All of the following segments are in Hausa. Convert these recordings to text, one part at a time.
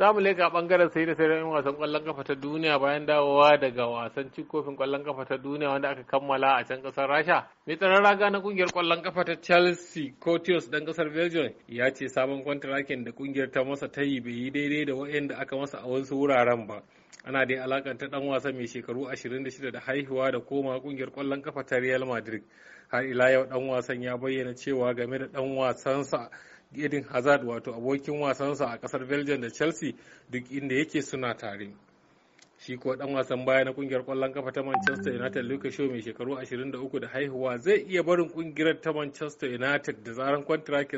za mu leka bangaren sai da sai wasan kwallon kafa ta duniya bayan dawowa daga wasan cin kofin kwallon kafa ta duniya wanda aka kammala a can kasar rasha mai tsaron raga na kungiyar kwallon kafa ta chelsea cotius dan kasar belgium ya ce sabon kwantarakin da kungiyar ta masa ta yi bai yi daidai da waɗanda aka masa a wasu wuraren ba ana dai alakanta dan wasa mai shekaru 26 da haihuwa da koma kungiyar kwallon kafa ta real madrid har ila yau dan wasan ya bayyana cewa game da dan wasansa Eden Hazard wato abokin wasansa a kasar Belgium da Chelsea duk inda yake suna tare. Shi ko dan wasan baya na kungiyar kwallon kafa ta Manchester United Lucas Shaw mai shekaru 23 da haihuwa zai iya barin kungiyar ta Manchester United da zaran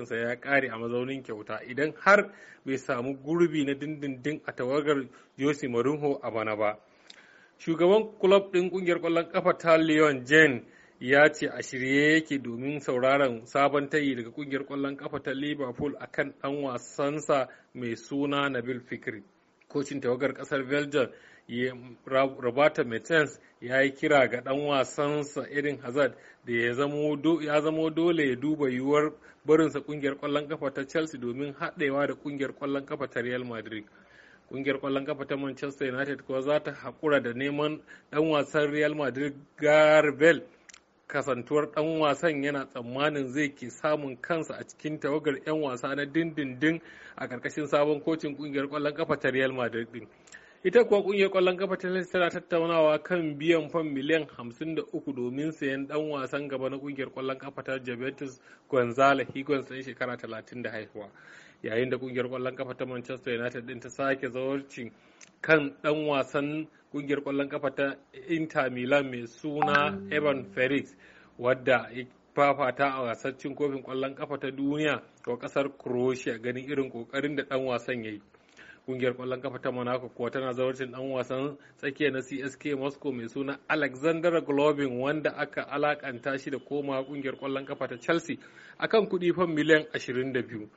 sa ya kare a mazaunin kyauta idan har bai samu gurbi na dindindin a tawagar Jose Mourinho a bana ba. Shugaban kulob din kungiyar kwallon kafa ta Leon Jane ya ce a shirye yake domin sauraron sabon tayi daga kungiyar kwallon kafa ta liverpool kan dan wasansa mai suna nabil fikri kocin tawagar kasar belgium roberto metens ya yi kira ga dan wasansa irin hazard da ya zamo dole ya duba yiwuwar barinsa kungiyar kwallon kafa ta chelsea domin haɗewa da kungiyar kwallon kafa ta real madrid kungiyar kwallon kafa ta manchester united kuwa za ta haƙura da neman dan wasan real madrid garvel kasantuwar ɗan wasan yana tsammanin zai ke samun kansa a cikin tawagar 'yan wasa na dindindin a ƙarƙashin sabon kocin ƙungiyar ƙwallon ƙafa ta Real Madrid din. Ita kuwa ƙungiyar ƙwallon ƙafa ta tana tattaunawa kan biyan fam miliyan 53 domin sayan ɗan wasan gaba na ƙungiyar ƙwallon ƙafa ta Juventus Gonzalo Higuain ɗan shekara 30 da haihuwa. Yayin da ƙungiyar ƙwallon ƙafa ta Manchester United din ta sake zawarci kan ɗan wasan kungiyar kwallon kafa ta inter milan mai suna evan felix wadda fafata a wasan cin kofin kwallon kafa ta duniya ko kasar croatia ganin irin kokarin da dan wasan ya yi kungiyar kwallon kafa ta monaco kuwa tana zaurcin dan wasan tsakiya na csk moscow mai suna alexander globin wanda aka alakanta shi da komawa kungiyar kwallon kafa ta chelsea akan kudi fan miliyan 22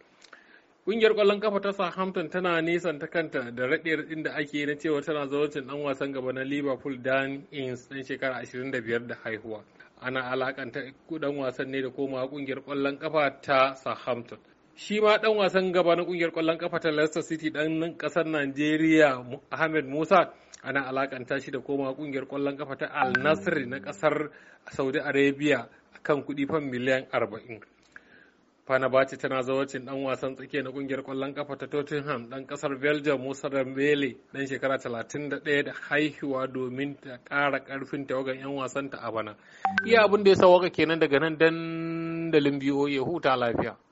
Kungiyar kwallon kafa ta Southampton tana nisan ta kanta da raɗiyar inda ake na cewa tana zawancin dan wasan gaba na Liverpool Dan Ings dan shekara 25 da haihuwa. Ana alakanta dan wasan ne da komawa kungiyar kwallon kafa ta Southampton. Shi ma dan wasan gaba na kungiyar kwallon kafa ta Leicester City dan kasar Najeriya Ahmed Musa ana alakanta shi da komawa kungiyar kwallon kafa ta Al Nassr na kasar Saudi Arabia kan kuɗi fan miliyan 40. Fanabaci tana zawacin dan wasan tsakiya na kungiyar kwallon kafa ta Tottenham dan kasar Belgium Musa Dembele dan shekara 31 da haihuwa domin ta karfin ƙarfin tawagan 'yan wasanta a bana. Iya abin da ya sa waka kenan daga nan dandalin ya huta lafiya.